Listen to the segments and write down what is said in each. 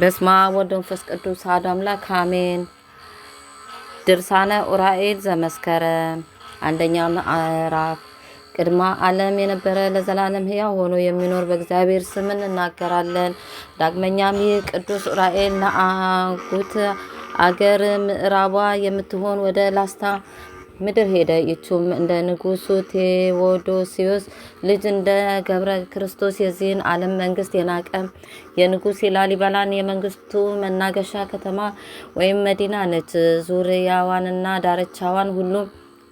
በስመ አብ ወመንፈስ ቅዱስ አሐዱ አምላክ አሜን። ድርሳነ ዑራኤል ዘመስከረም አንደኛ ምዕራፍ ቅድማ ዓለም የነበረ ለዘላለም ሕያው ሆኖ የሚኖር በእግዚአብሔር ስም እንናገራለን። ዳግመኛም ይህ ቅዱስ ዑራኤል ለአጉት አገር ምዕራቧ የምትሆን ወደ ላስታ ምድር ሄደ። ይቹም እንደ ንጉሱ ቴዎዶሲዮስ ልጅ እንደ ገብረ ክርስቶስ የዚህን ዓለም መንግስት የናቀ የንጉስ የላሊበላን የመንግስቱ መናገሻ ከተማ ወይም መዲና ነች። ዙሪያዋንና ዳርቻዋን ሁሉም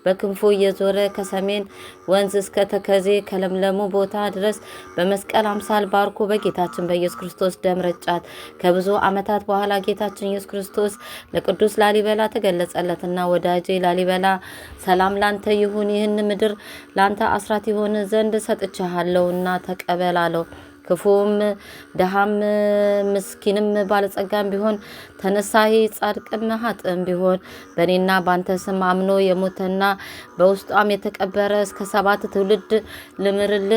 በክንፉ እየዞረ ከሰሜን ወንዝ እስከ ተከዜ ከለምለሙ ቦታ ድረስ በመስቀል አምሳል ባርኮ በጌታችን በኢየሱስ ክርስቶስ ደም ረጫት። ከብዙ ዓመታት በኋላ ጌታችን ኢየሱስ ክርስቶስ ለቅዱስ ላሊበላ ተገለጸለትና ወዳጄ ላሊበላ ሰላም ላንተ ይሁን፣ ይህን ምድር ላንተ አስራት የሆነ ዘንድ ሰጥቼሃለሁና ተቀበል አለው። ክፉም ድሃም ምስኪንም ባለጸጋም ቢሆን ተነሳሂ ጻድቅም ሀጥም ቢሆን በእኔና በአንተ ስም አምኖ የሞተና በውስጧም የተቀበረ እስከ ሰባት ትውልድ ልምርል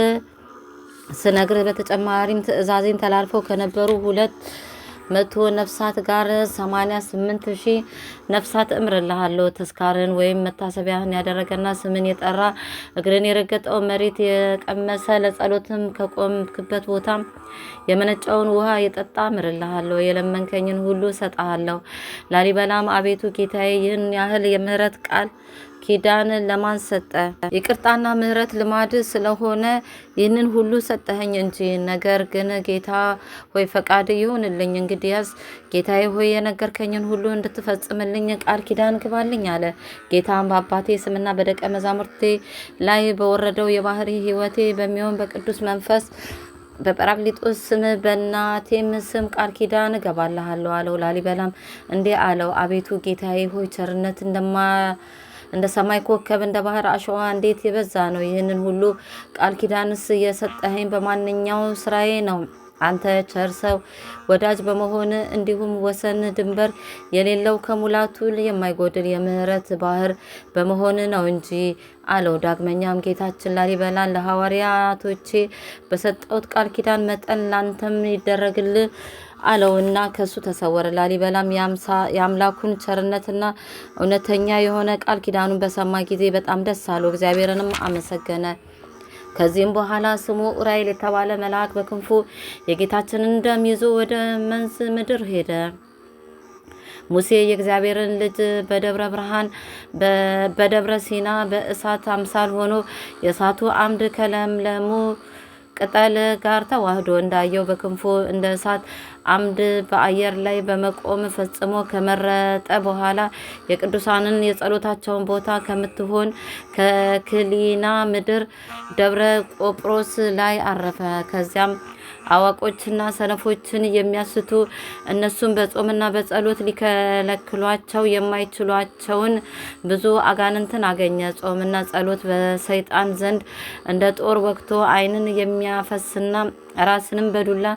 ስነግርህ በተጨማሪም ትእዛዜን ተላልፈው ከነበሩ ሁለት መቶ ነፍሳት ጋር 88 ሺ ሺህ ነፍሳት እምርልሃለሁ። ተስካርን ወይም መታሰቢያህን ያደረገና ስምን የጠራ እግርን የረገጠው መሬት የቀመሰ ለጸሎትም ከቆምክበት ቦታ የመነጨውን ውሃ የጠጣ እምርልሃለሁ። የለመንከኝን ሁሉ እሰጥሃለሁ። ላሊበላም አቤቱ ጌታዬ ይህን ያህል የምህረት ቃል ኪዳን ለማን ሰጠ? ይቅርታና ምሕረት ልማድ ስለሆነ ይህንን ሁሉ ሰጠኸኝ እንጂ። ነገር ግን ጌታ ሆይ ፈቃድ ይሁንልኝ። እንግዲያስ ጌታዬ ሆይ የነገርከኝን ሁሉ እንድትፈጽምልኝ ቃል ኪዳን ግባልኝ አለ። ጌታም በአባቴ ስምና በደቀ መዛሙርቴ ላይ በወረደው የባህሪ ሕይወቴ በሚሆን በቅዱስ መንፈስ በጰራቅሊጦስ ስም በእናቴም ስም ቃል ኪዳን እገባልሃለሁ አለው። ላሊበላም እንዲህ አለው፣ አቤቱ ጌታዬ ሆይ ቸርነት እንደማ እንደ ሰማይ ኮከብ እንደ ባህር አሸዋ እንዴት የበዛ ነው! ይህንን ሁሉ ቃል ኪዳንስ የሰጠኸኝ በማንኛው ስራዬ ነው? አንተ ቸር ሰው ወዳጅ በመሆን እንዲሁም ወሰን ድንበር የሌለው ከሙላቱ የማይጎድል የምህረት ባህር በመሆን ነው እንጂ አለው። ዳግመኛም ጌታችን ላሊበላን ለሐዋርያቶቼ በሰጠሁት ቃል ኪዳን መጠን ላንተም ይደረግል አለውና ከሱ ተሰወረ። ላሊበላም የአምላኩን ቸርነትና እውነተኛ የሆነ ቃል ኪዳኑን በሰማ ጊዜ በጣም ደስ አለው፣ እግዚአብሔርንም አመሰገነ። ከዚህም በኋላ ስሙ ዑራኤል የተባለ መልአክ በክንፉ የጌታችንን ደም ይዞ ወደ መንዝ ምድር ሄደ። ሙሴ የእግዚአብሔርን ልጅ በደብረ ብርሃን በደብረ ሲና በእሳት አምሳል ሆኖ የእሳቱ አምድ ከለምለሙ ቅጠል ጋር ተዋህዶ እንዳየው በክንፉ እንደ እሳት አምድ በአየር ላይ በመቆም ፈጽሞ ከመረጠ በኋላ የቅዱሳንን የጸሎታቸውን ቦታ ከምትሆን ከክሊና ምድር ደብረ ቆጵሮስ ላይ አረፈ። ከዚያም አዋቆችና ሰነፎችን የሚያስቱ እነሱም በጾምና በጸሎት ሊከለክሏቸው የማይችሏቸውን ብዙ አጋንንትን አገኘ። ጾምና ጸሎት በሰይጣን ዘንድ እንደ ጦር ወግቶ ዓይንን የሚያፈስና ራስንም በዱላ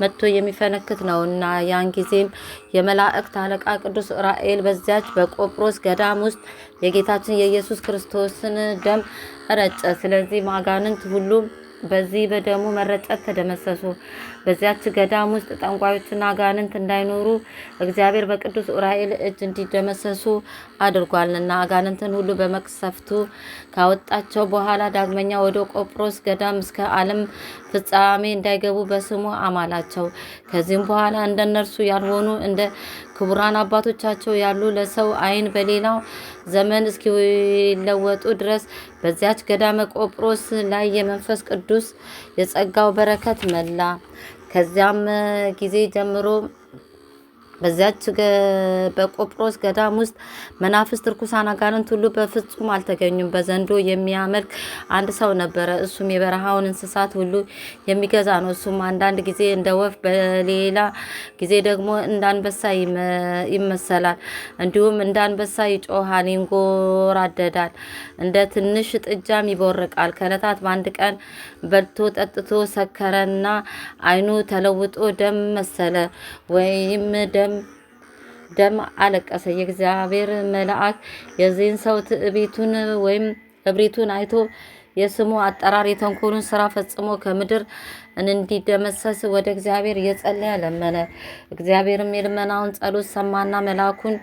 መጥቶ የሚፈነክት እና ያን ጊዜም የመላእክት አለቃ ቅዱስ ራኤል በዚያች በቆጵሮስ ገዳም ውስጥ የጌታችን የኢየሱስ ክርስቶስን ደም ረጨ። ስለዚህ አጋንንት ሁሉ በዚህ በደሙ መረጨት ተደመሰሱ። በዚያች ገዳም ውስጥ ጠንቋዮችና አጋንንት እንዳይኖሩ እግዚአብሔር በቅዱስ ዑራኤል እጅ እንዲደመሰሱ አድርጓልና አጋንንትን ሁሉ በመቅሰፍቱ ካወጣቸው በኋላ ዳግመኛ ወደ ቆጵሮስ ገዳም እስከ ዓለም ፍጻሜ እንዳይገቡ በስሙ አማላቸው። ከዚህም በኋላ እንደነርሱ ያልሆኑ እንደ ክቡራን አባቶቻቸው ያሉ ለሰው አይን በሌላው ዘመን እስኪለወጡ ድረስ በዚያች ገዳመ ቆጵሮስ ላይ የመንፈስ ቅዱስ የጸጋው በረከት መላ። ከዚያም ጊዜ ጀምሮ በዚያች በቆጵሮስ ገዳም ውስጥ መናፍስት፣ ርኩሳን አጋንንት ሁሉ በፍጹም አልተገኙም። በዘንዶ የሚያመልክ አንድ ሰው ነበረ። እሱም የበረሃውን እንስሳት ሁሉ የሚገዛ ነው። እሱም አንዳንድ ጊዜ እንደ ወፍ፣ በሌላ ጊዜ ደግሞ እንደ አንበሳ ይመሰላል። እንዲሁም እንዳንበሳ ይጮሃል፣ ይንጎራደዳል፣ እንደ ትንሽ ጥጃም ይቦርቃል። ከዕለታት በአንድ ቀን በልቶ ጠጥቶ ሰከረና አይኑ ተለውጦ ደም መሰለ ወይም ደም ደም አለቀሰ። የእግዚአብሔር መልአክ የዚህን ሰው ትዕቢቱን ወይም እብሪቱን አይቶ የስሙ አጠራር የተንኮሉን ስራ ፈጽሞ ከምድር እንዲደመሰስ ወደ እግዚአብሔር እየጸለየ ለመነ። እግዚአብሔርም የልመናውን ጸሎት ሰማና መልአኩን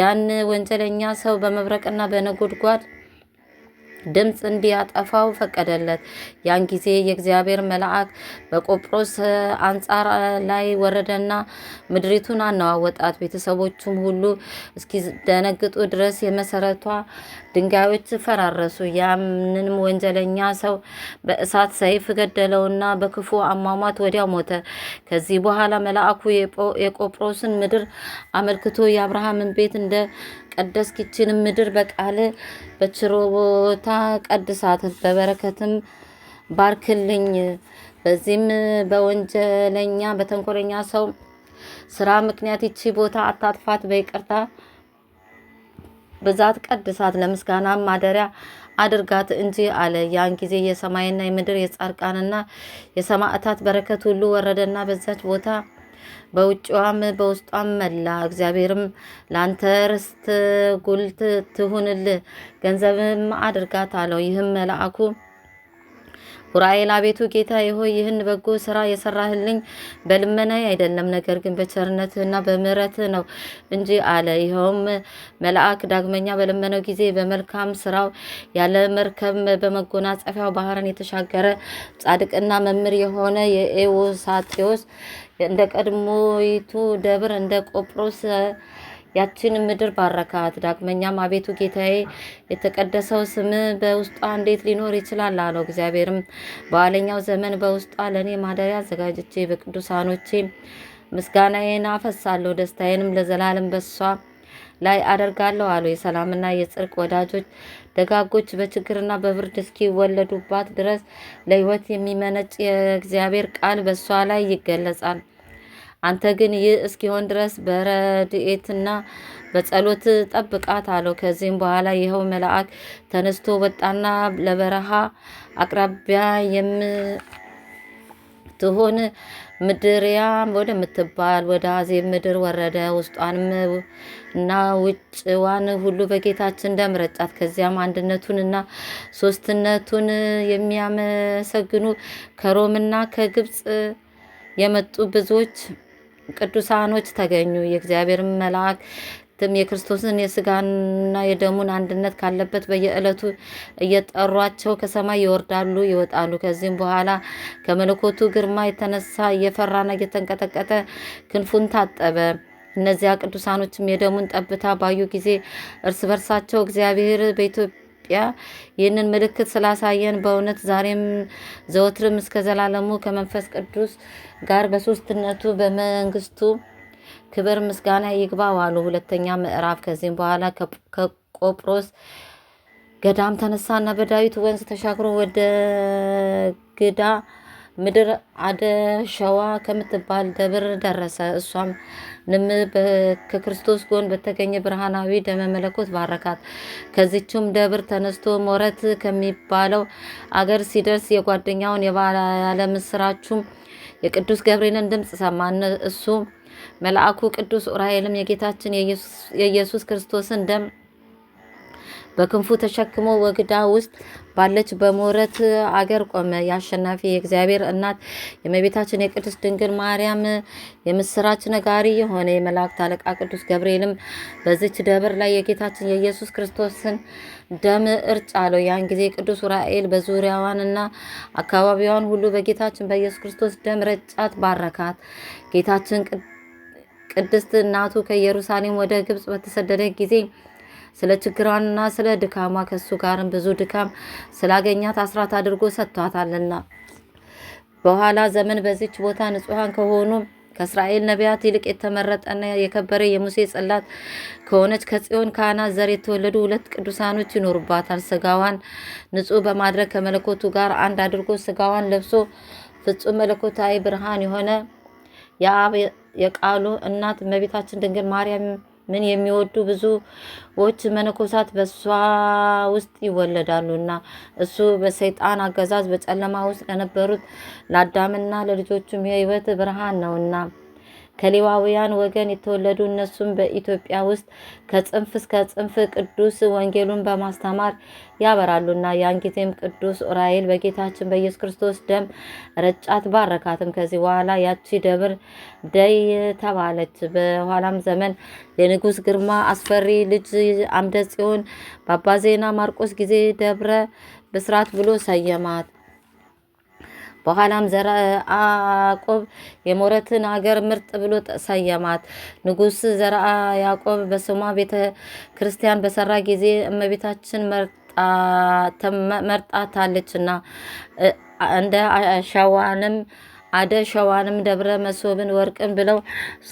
ያን ወንጀለኛ ሰው በመብረቅና በነጎድጓድ ድምፅ እንዲያጠፋው ፈቀደለት። ያን ጊዜ የእግዚአብሔር መልአክ በቆጵሮስ አንጻር ላይ ወረደና ምድሪቱን አነዋወጣት። ቤተሰቦቹም ሁሉ እስኪደነግጡ ድረስ የመሰረቷ ድንጋዮች ፈራረሱ። ያንንም ወንጀለኛ ሰው በእሳት ሰይፍ ገደለውና በክፉ አሟሟት ወዲያው ሞተ። ከዚህ በኋላ መልአኩ የቆጵሮስን ምድር አመልክቶ የአብርሃምን ቤት እንደ ቀደስ ኪችን ምድር በቃል በችሮታ ቀድሳት በበረከትም ባርክልኝ። በዚህም በወንጀለኛ በተንኮለኛ ሰው ስራ ምክንያት ይቺ ቦታ አታጥፋት፣ በይቅርታ ብዛት ቀድሳት፣ ለምስጋና ማደሪያ አድርጋት እንጂ አለ። ያን ጊዜ የሰማይና የምድር የጻድቃንና የሰማዕታት በረከት ሁሉ ወረደና በዛች ቦታ በውጭዋም በውስጧም መላ። እግዚአብሔርም ላንተ ርስት ጉልት ትሁንልህ ገንዘብም አድርጋት አለው። ይህም መልአኩ ኡራኤል አቤቱ ጌታ ሆይ ይህን በጎ ስራ የሰራህልኝ በልመናዬ አይደለም፣ ነገር ግን በቸርነትህና በምሕረትህ ነው እንጂ አለ። ይኸውም መልአክ ዳግመኛ በለመነው ጊዜ በመልካም ስራው ያለ መርከብ በመጎናጸፊያው ባህርን የተሻገረ ጻድቅና መምህር የሆነ የኤዎሳቴዎስ እንደ ቀድሞይቱ ደብር እንደ ቆጵሮስ ያችን ምድር ባረካት። ዳግመኛም አቤቱ ጌታዬ የተቀደሰው ስም በውስጧ እንዴት ሊኖር ይችላል አለው። እግዚአብሔርም በኋለኛው ዘመን በውስጧ ለእኔ ማደሪያ አዘጋጅቼ በቅዱሳኖቼ ምስጋናዬን አፈሳለሁ፣ ደስታዬንም ለዘላለም በሷ ላይ አደርጋለሁ አሉ። የሰላምና የጽርቅ ወዳጆች ደጋጎች በችግርና በብርድ እስኪወለዱባት ድረስ ለሕይወት የሚመነጭ የእግዚአብሔር ቃል በእሷ ላይ ይገለጻል። አንተ ግን ይህ እስኪሆን ድረስ በረድኤትና በጸሎት ጠብቃት አለው። ከዚህም በኋላ ይኸው መልአክ ተነስቶ ወጣና ለበረሃ አቅራቢያ የምትሆን ምድርያም ወደምትባል ወደ አዜብ ምድር ወረደ። ውስጧንም እና ውጭዋን ሁሉ በጌታችን ደም ረጫት። ከዚያም እና ሶስትነቱን የሚያመሰግኑ ከሮምና ከግብፅ የመጡ ብዙዎች ቅዱሳኖች ተገኙ። የእግዚአብሔር መልአክ የክርስቶስን የስጋና የደሙን አንድነት ካለበት በየዕለቱ እየጠሯቸው ከሰማይ ይወርዳሉ፣ ይወጣሉ። ከዚህም በኋላ ከመለኮቱ ግርማ የተነሳ እየፈራና እየተንቀጠቀጠ ክንፉን ታጠበ። እነዚያ ቅዱሳኖችም የደሙን ጠብታ ባዩ ጊዜ እርስ በርሳቸው እግዚአብሔር በኢትዮጵያ ይህንን ምልክት ስላሳየን በእውነት ዛሬም ዘወትርም እስከ ዘላለሙ ከመንፈስ ቅዱስ ጋር በሶስትነቱ በመንግስቱ ክብር ምስጋና ይግባ ዋሉ። ሁለተኛ ምዕራፍ። ከዚህም በኋላ ከቆጵሮስ ገዳም ተነሳና በዳዊት ወንዝ ተሻግሮ ወደ ግዳ ምድር አደሸዋ ከምትባል ደብር ደረሰ። እሷም ንም ከክርስቶስ ጎን በተገኘ ብርሃናዊ ደመ መለኮት ባረካት። ከዚችም ደብር ተነስቶ ሞረት ከሚባለው አገር ሲደርስ የጓደኛውን የባለ የቅዱስ ገብርኤልን ድምፅ ሰማ። እሱ መልአኩ ቅዱስ ኡራኤልም የጌታችን የኢየሱስ ክርስቶስን ደም በክንፉ ተሸክሞ ወግዳ ውስጥ ባለች በሞረት አገር ቆመ። የአሸናፊ የእግዚአብሔር እናት የመቤታችን የቅድስት ድንግል ማርያም የምስራች ነጋሪ የሆነ የመላእክት አለቃ ቅዱስ ገብርኤልም በዚች ደብር ላይ የጌታችን የኢየሱስ ክርስቶስን ደም እርጭ አለው። ያን ጊዜ ቅዱስ ዑራኤል በዙሪያዋንና አካባቢዋን ሁሉ በጌታችን በኢየሱስ ክርስቶስ ደም ረጫት፣ ባረካት። ጌታችን ቅድስት እናቱ ከኢየሩሳሌም ወደ ግብፅ በተሰደደ ጊዜ ስለ ችግሯንና ስለ ድካሟ ከእሱ ጋርም ብዙ ድካም ስላገኛት አስራት አድርጎ ሰጥቷታልና። በኋላ ዘመን በዚች ቦታ ንጹሐን ከሆኑ ከእስራኤል ነቢያት ይልቅ የተመረጠና የከበረ የሙሴ ጽላት ከሆነች ከጽዮን ካህናት ዘር የተወለዱ ሁለት ቅዱሳኖች ይኖሩባታል። ስጋዋን ንጹሕ በማድረግ ከመለኮቱ ጋር አንድ አድርጎ ስጋዋን ለብሶ ፍጹም መለኮታዊ ብርሃን የሆነ የቃሉ እናት እመቤታችን ድንግል ማርያም ምን የሚወዱ ብዙዎች መነኮሳት በእሷ ውስጥ ይወለዳሉና እሱ በሰይጣን አገዛዝ በጨለማ ውስጥ ለነበሩት ለአዳምና ለልጆቹም የህይወት ብርሃን ነውና ከሌዋውያን ወገን የተወለዱ እነሱም በኢትዮጵያ ውስጥ ከጽንፍ እስከ ጽንፍ ቅዱስ ወንጌሉን በማስተማር ያበራሉና ያን ጊዜም ቅዱስ ዑራኤል በጌታችን በኢየሱስ ክርስቶስ ደም ረጫት ባረካትም። ከዚህ በኋላ ያቺ ደብር ደይ ተባለች። በኋላም ዘመን የንጉስ ግርማ አስፈሪ ልጅ አምደ ጽዮን በአባ ዜና ማርቆስ ጊዜ ደብረ ብስራት ብሎ ሰየማት። በኋላም ዘርአ ያዕቆብ የሞረትን አገር ምርጥ ብሎ ሰየማት። ንጉስ ዘረአ ያዕቆብ በስሟ ቤተ ክርስቲያን በሰራ ጊዜ እመቤታችን መርጣታለችና እንደ አሻዋንም አደ ሸዋንም ደብረ መሶብን ወርቅን ብለው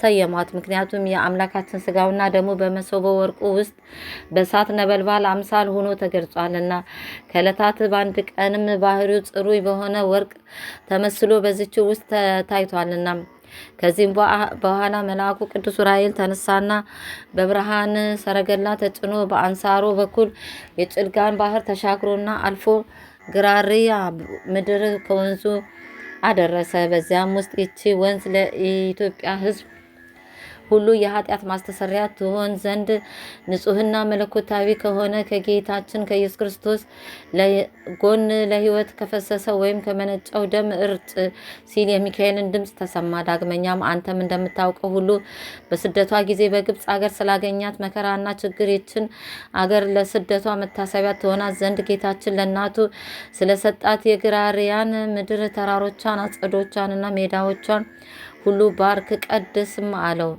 ሰየሟት። ምክንያቱም የአምላካችን ስጋውና ደግሞ በመሶበ ወርቁ ውስጥ በእሳት ነበልባል አምሳል ሆኖ ተገልጿልና። ከእለታት በአንድ ቀንም ባህሪው ጽሩ በሆነ ወርቅ ተመስሎ በዝች ውስጥ ታይቷልና። ከዚህም በኋላ መልአኩ ቅዱስ ዑራኤል ተነሳና በብርሃን ሰረገላ ተጭኖ በአንሳሮ በኩል የጭልጋን ባህር ተሻግሮና አልፎ ግራሪያ ምድር ከወንዙ አደረሰ። በዚያም ውስጥ ይቺ ወንዝ ለኢትዮጵያ ሕዝብ ሁሉ የኃጢአት ማስተሰሪያ ትሆን ዘንድ ንጹህና መለኮታዊ ከሆነ ከጌታችን ከኢየሱስ ክርስቶስ ጎን ለሕይወት ከፈሰሰ ወይም ከመነጨው ደም እርጭ ሲል የሚካኤልን ድምፅ ተሰማ። ዳግመኛም አንተም እንደምታውቀው ሁሉ በስደቷ ጊዜ በግብፅ አገር ስላገኛት መከራና ችግር ይችን አገር ለስደቷ መታሰቢያ ትሆናት ዘንድ ጌታችን ለእናቱ ስለሰጣት የግራርያን ምድር ተራሮቿን፣ አጸዶቿንና ሜዳዎቿን ሁሉ ባርክ ቀድስም አለው።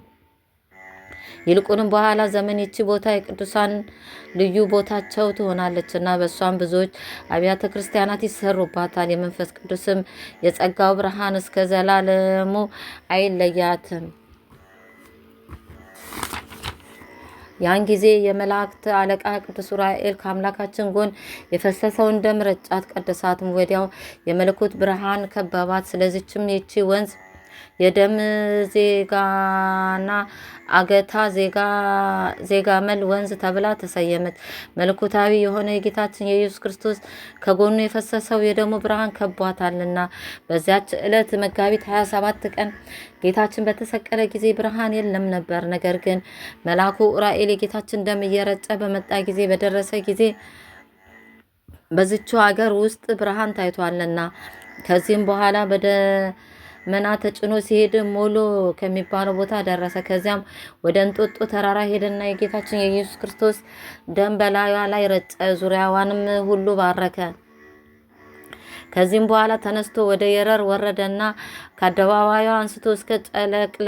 ይልቁንም በኋላ ዘመን ይቺ ቦታ የቅዱሳን ልዩ ቦታቸው ትሆናለች እና በእሷም ብዙዎች አብያተ ክርስቲያናት ይሰሩባታል። የመንፈስ ቅዱስም የጸጋው ብርሃን እስከ ዘላለሙ አይለያትም። ያን ጊዜ የመላእክት አለቃ ቅዱስ ዑራኤል ከአምላካችን ጎን የፈሰሰውን ደም ረጫት፣ ቀደሳትም። ወዲያው የመለኮት ብርሃን ከበባት። ስለዚችም ይቺ ወንዝ የደም ዜጋና አገታ ዜጋ መል ወንዝ ተብላ ተሰየመች። መልኩታዊ የሆነ የጌታችን የኢየሱስ ክርስቶስ ከጎኑ የፈሰሰው የደሙ ብርሃን ከቧታልና። በዚያች ዕለት መጋቢት 27 ቀን ጌታችን በተሰቀለ ጊዜ ብርሃን የለም ነበር። ነገር ግን መልአኩ ዑራኤል የጌታችን ደም እየረጨ በመጣ ጊዜ በደረሰ ጊዜ በዝቹ አገር ውስጥ ብርሃን ታይቷልና ከዚህም በኋላ በደ መና ተጭኖ ሲሄድ ሞሎ ከሚባለው ቦታ ደረሰ። ከዚያም ወደ እንጦጦ ተራራ ሄደና የጌታችን የኢየሱስ ክርስቶስ ደም በላዩ ላይ ረጨ፣ ዙሪያዋንም ሁሉ ባረከ። ከዚህም በኋላ ተነስቶ ወደ የረር ወረደና ከአደባባዩ አንስቶ እስከ ጨለቅለቃና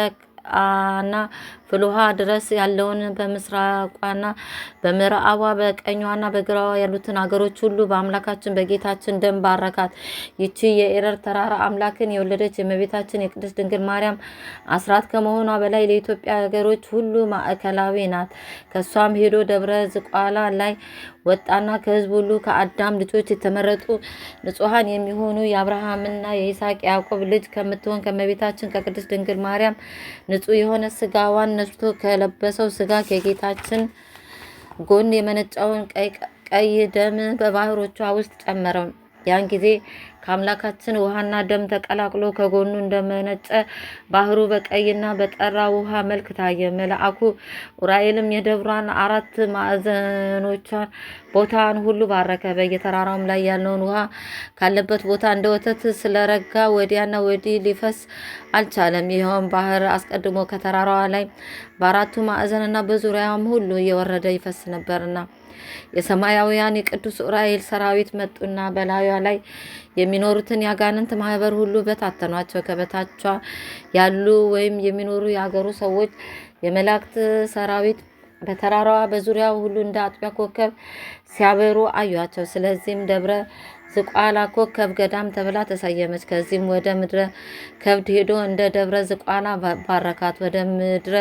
ፍልውሃ ድረስ ያለውን በምስራቋና በምዕራቧ በቀኟና በግራዋ ያሉትን አገሮች ሁሉ በአምላካችን በጌታችን ደም ባረካት። ይቺ የኤረር ተራራ አምላክን የወለደች የእመቤታችን የቅድስት ድንግል ማርያም አስራት ከመሆኗ በላይ ለኢትዮጵያ ሀገሮች ሁሉ ማዕከላዊ ናት። ከእሷም ሄዶ ደብረ ዝቋላ ላይ ወጣና ከህዝብ ሁሉ ከአዳም ልጆች የተመረጡ ንጹሐን የሚሆኑ የአብርሃምና የይስሐቅ ያዕቆብ ልጅ ከምትሆን ከእመቤታችን ከቅድስት ድንግል ማርያም ንጹህ የሆነ ስጋዋን ተነስቶ ከለበሰው ስጋ ከጌታችን ጎን የመነጨውን ቀይ ደም በባህሮቿ ውስጥ ጨመረው። ያን ጊዜ ከአምላካችን ውሃና ደም ተቀላቅሎ ከጎኑ እንደመነጨ ባህሩ በቀይና በጠራ ውሃ መልክ ታየ። መልአኩ ኡራኤልም የደብሯን አራት ማዕዘኖቿን ቦታን ሁሉ ባረከ። በየተራራውም ላይ ያለውን ውሃ ካለበት ቦታ እንደ ወተት ስለረጋ ወዲያና ወዲህ ሊፈስ አልቻለም። ይኸውም ባህር አስቀድሞ ከተራራዋ ላይ በአራቱ ማዕዘንና በዙሪያውም ሁሉ እየወረደ ይፈስ ነበርና የሰማያውያን የቅዱስ ዑራኤል ሰራዊት መጡና በላዩዋ ላይ የሚኖሩትን ያጋንንት ማህበር ሁሉ በታተኗቸው። ከበታቿ ያሉ ወይም የሚኖሩ የአገሩ ሰዎች የመላእክት ሰራዊት በተራራዋ በዙሪያው ሁሉ እንደ አጥቢያ ኮከብ ሲያበሩ አዩቸው። ስለዚህም ደብረ ዝቋላ ኮከብ ገዳም ተብላ ተሰየመች። ከዚህም ወደ ምድረ ከብድ ሄዶ እንደ ደብረ ዝቋላ ባረካት። ወደ ምድረ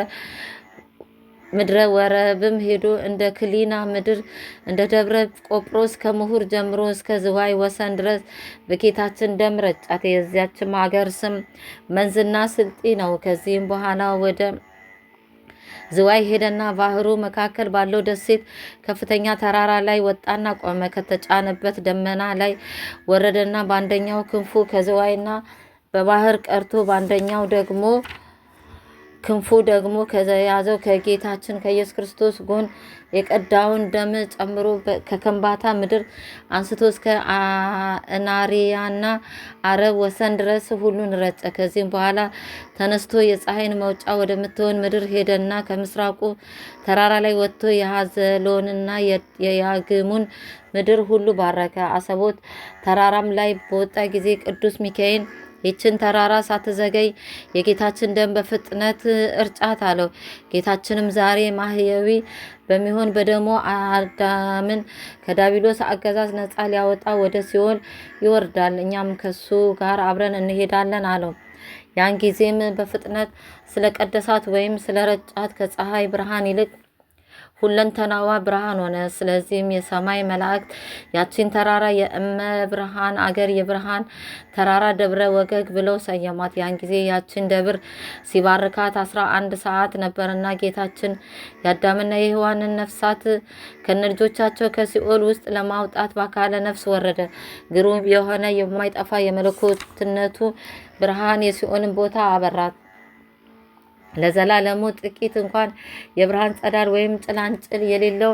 ምድረ ወረብም ሄዶ እንደ ክሊና ምድር እንደ ደብረ ቆጵሮስ ከምሁር ጀምሮ እስከ ዝዋይ ወሰን ድረስ በጌታችን ደም ረጫት። የዚያችም ሀገር ስም መንዝና ስልጢ ነው። ከዚህም በኋላ ወደ ዝዋይ ሄደና ባህሩ መካከል ባለው ደሴት ከፍተኛ ተራራ ላይ ወጣና ቆመ። ከተጫነበት ደመና ላይ ወረደና በአንደኛው ክንፉ ከዝዋይና በባህር ቀርቶ በአንደኛው ደግሞ ክንፉ ደግሞ ከያዘው ከጌታችን ከኢየሱስ ክርስቶስ ጎን የቀዳውን ደም ጨምሮ ከከንባታ ምድር አንስቶ እስከ እናሪያና አረብ ወሰን ድረስ ሁሉን ረጨ። ከዚህም በኋላ ተነስቶ የፀሐይን መውጫ ወደምትሆን ምድር ሄደና ከምስራቁ ተራራ ላይ ወጥቶ የሐዘሎንና የያግሙን ምድር ሁሉ ባረከ። አሰቦት ተራራም ላይ በወጣ ጊዜ ቅዱስ ሚካኤል ይችን ተራራ ሳትዘገይ የጌታችን ደም በፍጥነት እርጫት አለው። ጌታችንም ዛሬ ማህያዊ በሚሆን በደሞ አዳምን ከዳቢሎስ አገዛዝ ነፃ ሊያወጣ ወደ ሲኦል ይወርዳል፣ እኛም ከሱ ጋር አብረን እንሄዳለን አለው። ያን ጊዜም በፍጥነት ስለቀደሳት ወይም ስለረጫት ከፀሐይ ብርሃን ይልቅ ሁለንተናዋ ብርሃን ሆነ። ስለዚህም የሰማይ መላእክት ያቺን ተራራ የእመ ብርሃን አገር የብርሃን ተራራ ደብረ ወገግ ብለው ሰየሟት። ያን ጊዜ ያችን ደብር ሲባርካት አስራ አንድ ሰዓት ነበርና ጌታችን የአዳምና የሔዋንን ነፍሳት ከነልጆቻቸው ከሲኦል ውስጥ ለማውጣት በአካለ ነፍስ ወረደ። ግሩም የሆነ የማይጠፋ የመለኮትነቱ ብርሃን የሲኦልን ቦታ አበራት። ለዘላለሙ ጥቂት እንኳን የብርሃን ጸዳል ወይም ጭላንጭል የሌለው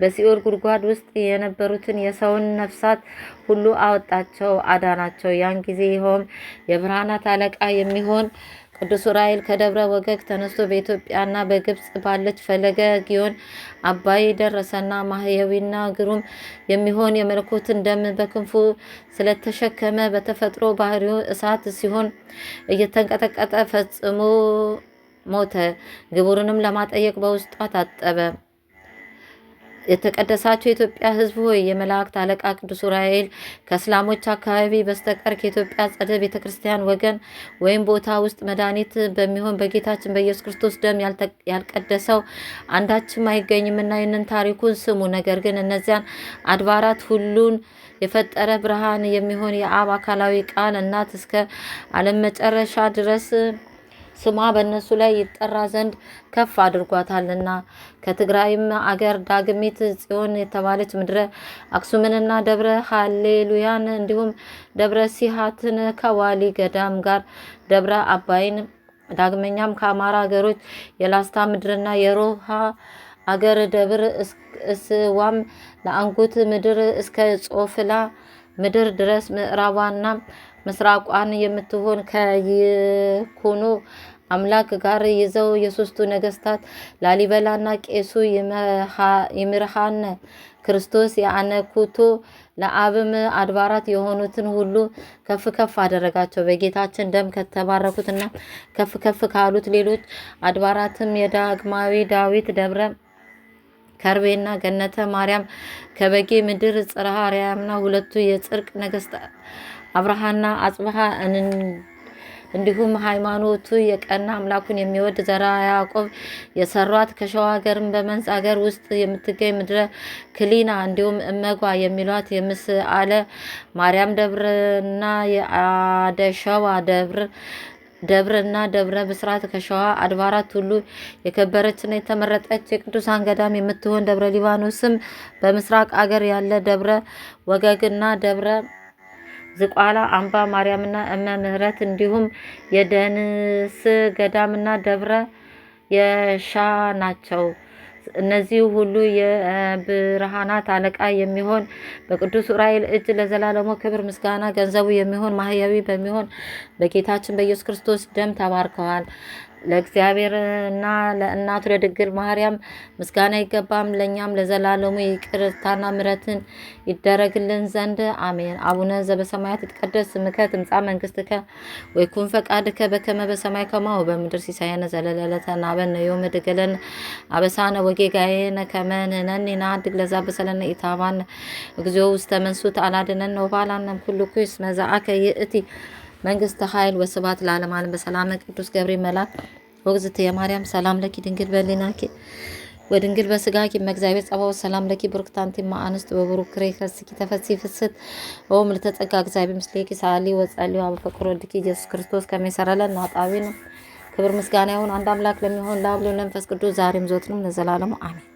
በሲኦል ጉድጓድ ውስጥ የነበሩትን የሰውን ነፍሳት ሁሉ አወጣቸው፣ አዳናቸው። ያን ጊዜ ይኸውም የብርሃናት አለቃ የሚሆን ቅዱስ ዑራኤል ከደብረ ወገግ ተነስቶ በኢትዮጵያና በግብፅ ባለች ፈለገ ጊዮን አባይ ደረሰና ማህያዊና ግሩም የሚሆን የመለኮትን ደም በክንፉ ስለተሸከመ በተፈጥሮ ባህሪው እሳት ሲሆን እየተንቀጠቀጠ ፈጽሞ ሞተ። ግቡርንም ለማጠየቅ በውስጧ ታጠበ። የተቀደሳቸው የኢትዮጵያ ሕዝብ ሆይ የመላእክት አለቃ ቅዱስ ዑራኤል ከእስላሞች አካባቢ በስተቀር ከኢትዮጵያ ጸደ ቤተ ክርስቲያን ወገን ወይም ቦታ ውስጥ መድኃኒት በሚሆን በጌታችን በኢየሱስ ክርስቶስ ደም ያልቀደሰው አንዳችም አይገኝምና ይህንን ታሪኩን ስሙ። ነገር ግን እነዚያን አድባራት ሁሉን የፈጠረ ብርሃን የሚሆን የአብ አካላዊ ቃል እናት እስከ ዓለም መጨረሻ ድረስ ስሟ በእነሱ ላይ ይጠራ ዘንድ ከፍ አድርጓታልና ከትግራይም አገር ዳግሚት ጽዮን የተባለች ምድረ አክሱምንና ደብረ ሃሌሉያን እንዲሁም ደብረ ሲሃትን ከዋሊ ገዳም ጋር ደብረ አባይን ዳግመኛም ከአማራ ሀገሮች የላስታ ምድርና የሮሃ አገር ደብር እስዋም ለአንጉት ምድር እስከ ጾፍላ ምድር ድረስ ምዕራቧና ምስራቋን የምትሆን ከይኩኖ አምላክ ጋር ይዘው የሶስቱ ነገስታት ላሊበላና ቄሱ ይምርሃነ ክርስቶስ የአነኩቶ ለአብም አድባራት የሆኑትን ሁሉ ከፍ ከፍ አደረጋቸው። በጌታችን ደም ከተባረኩትና ከፍ ከፍ ካሉት ሌሎች አድባራትም የዳግማዊ ዳዊት ደብረ ከርቤና ገነተ ማርያም ከበጌ ምድር ጽርሐ አርያምና ሁለቱ የጽርቅ ነገስታት አብርሃና አጽብሃ እንዲሁም ሃይማኖቱ የቀና አምላኩን የሚወድ ዘራ ያዕቆብ የሰሯት ከሸዋ ሀገርም አገር ውስጥ የምትገኝ ምድረ ክሊና እንዲሁም እመጓ የሚሏት የምስአለ ማርያም ደብርና የአደሸዋ ደብር ደብርና ደብረ ብስራት ከሸዋ አድባራት ሁሉ የከበረችና የተመረጠች የቅዱሳን ገዳም የምትሆን ደብረ ሊባኖስም በምስራቅ አገር ያለ ደብረ ወገግና ደብረ ዝቋላ አምባ ማርያምና እመ ምህረት እንዲሁም የደንስ ገዳምና ደብረ የሻ ናቸው። እነዚህ ሁሉ የብርሃናት አለቃ የሚሆን በቅዱስ ዑራኤል እጅ ለዘላለሙ ክብር ምስጋና ገንዘቡ የሚሆን ማህያዊ በሚሆን በጌታችን በኢየሱስ ክርስቶስ ደም ተባርከዋል። ለእግዚአብሔር እና ለእናቱ ለድንግል ማርያም ምስጋና ይገባም፣ ለእኛም ለዘላለሙ ይቅርታና ምረትን ይደረግልን ዘንድ አሜን። አቡነ ዘበሰማያት ይትቀደስ ስምከ ትምጻእ መንግስትከ ወይኩን ፈቃድከ በከመ በሰማይ ከማሁ በምድር ሲሳየነ ዘለለዕለትነ ሀበነ ዮም ወኅድግ ለነ አበሳነ ወጌጋየነ ከመ ንሕነኒ ንኅድግ ለዘአበሰለነ ኢታባነ እግዚኦ ውስተ መንሱት አላድነነ ወባልነ ኩሉ ኩይ መዛአከ ይእቲ መንግስተ ኃይል ወስባት ለዓለም ዓለም በሰላም ቅዱስ ገብርኤል መልአክ ወግዝት የማርያም ሰላም ለኪ ድንግል በሊናኪ ወድንግል በስጋኪ መግዚአብሔር ጸባኦት ሰላም ለኪ ብሩክት አንቲማ አንስት በብሩክሬ ከስኪ ተፈሲ ፍስት ኦም ልተጸጋ ጸጋ እግዚአብሔር ምስሌኪ ሳሊ ወጸልዩ አብ ፍቅር ኢየሱስ ክርስቶስ ከመሰረለን ናጣዊ ነው። ክብር ምስጋና ይሁን አንድ አምላክ ለሚሆን ለአብ ለወልድ ለመንፈስ ቅዱስ ዛሬም ዘወትርም ለዘላለሙ አሜን።